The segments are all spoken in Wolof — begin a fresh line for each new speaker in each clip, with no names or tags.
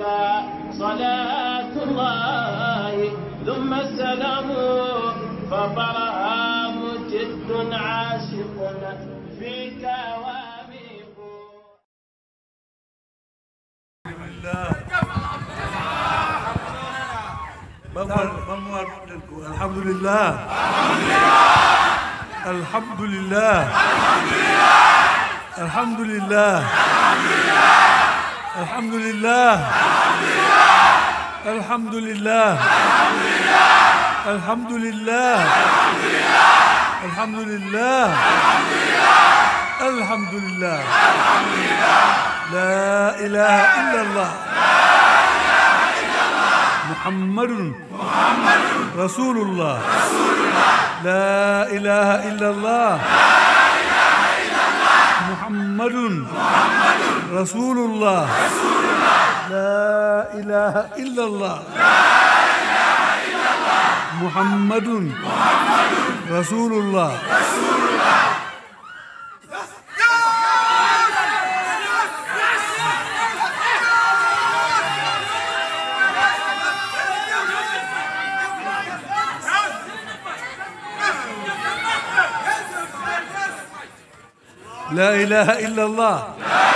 عليك صلاة الله ثم السلام فبرهام جد عاشق فيك واميق الحمد لله الحمد لله الحمد لله الحمد لله الحمد لله الحمد لله الحمد لله الحمد لله الحمد لله لا إله إلا الله محمد رسول الله لا إله إلا الله محمد رسول الله رسول الله لا إله إلا الله لا إله إلا الله محمد محمد رسول الله رسول الله لا إله إلا الله لا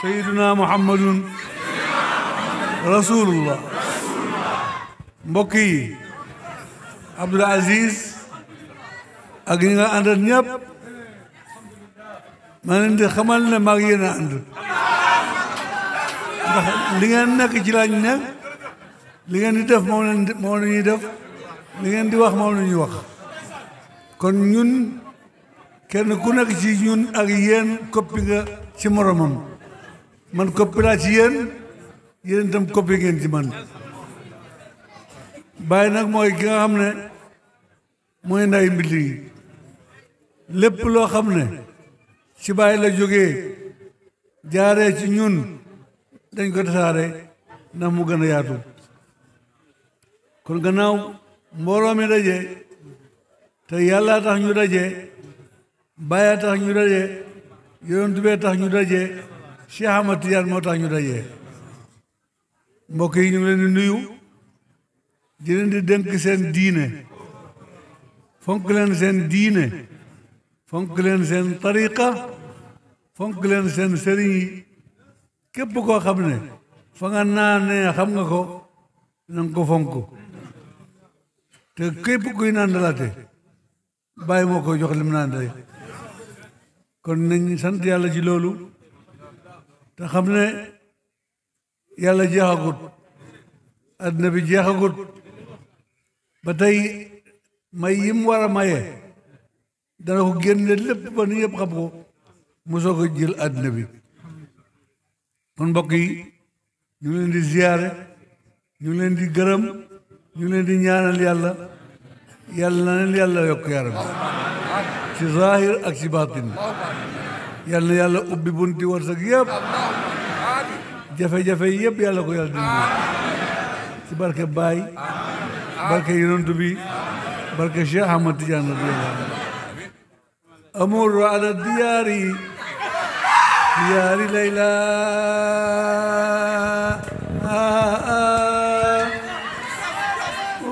sayyiduna muhammadun rasulullah mbokk yi abdul aziz ak ñi nga àndal ñëpp ma leen di xamal ne maag yéen a ànd li ngeen nekk ci lañ ne li ngeen di def la ñuy def li ngeen di wax moom la ñuy wax kon ñun kenn ku nekk ci ñun ak yéen koppi nga ci moromam man coppi laa ci yéen yéen itam coppi ngeen ci man bàyyi nag mooy ki nga xam ne mooy nday mbind yi lépp loo xam ne ci bàyyi la jógee jaaree ci ñun dañ ko tasaare ndax mu gën a yaatu kon gannaaw mbooloo mi daje te yàlla tax ñu daje bàyyi tax ñu daje yonent bi tax ñu daje Cheikh Ahmad Tidiane moo tax ñu dajee mbokk yi ñu ngi leen di nuyu di leen di dénk seen diine fonk leen seen diine fonk leen seen tariqa fonk leen seen sëriñ yi képp koo xam ne fa nga naanee xam nga ko na nga ko fonk te képp kuy naan dalaate bàyyi moo koy jox lim naan kon nañ sant yàlla ci loolu te xam ne yàlla jeexagut àddina bi jeexagut ba tey may yim war a maye dana ko génne lépp ba nu yëpp xam ko mu soog a jël àddina bi kon mbokk yi ñu ngi leen di ziyaare ñu leen di gërëm ñu ngi leen di ñaanal yàlla yàlla na leen yàlla yokk yaram ci zaahir ak ci baatin yàlla yàlla ubbi bunti wërsëg yëpp jafe-jafe yi yëpp yàlla ko yàlla dindi ci barke Baay barke yonent bi barke Cheikh Ahmad Tidiane radiyallahu anhu amuru ala diyaari diyaari layla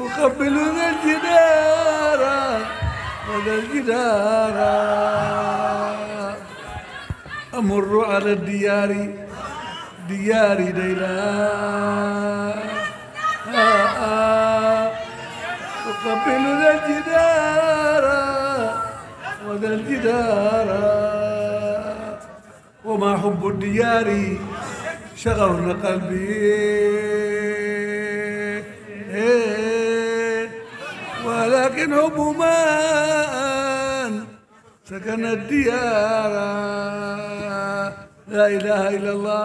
uqabbiluna aljidara wala aljidara amuru ala diyaari ديار ليلى أقبل ذا الجدار وذا الجدار وما حب الديار شغل قلبي ولكن حب من سكن الديار لا إله إلا الله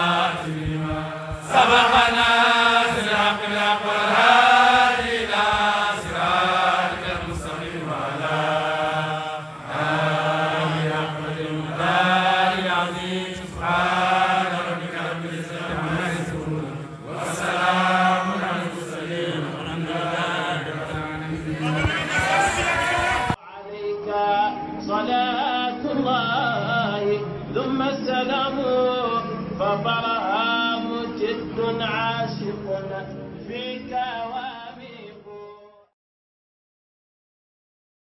ربنا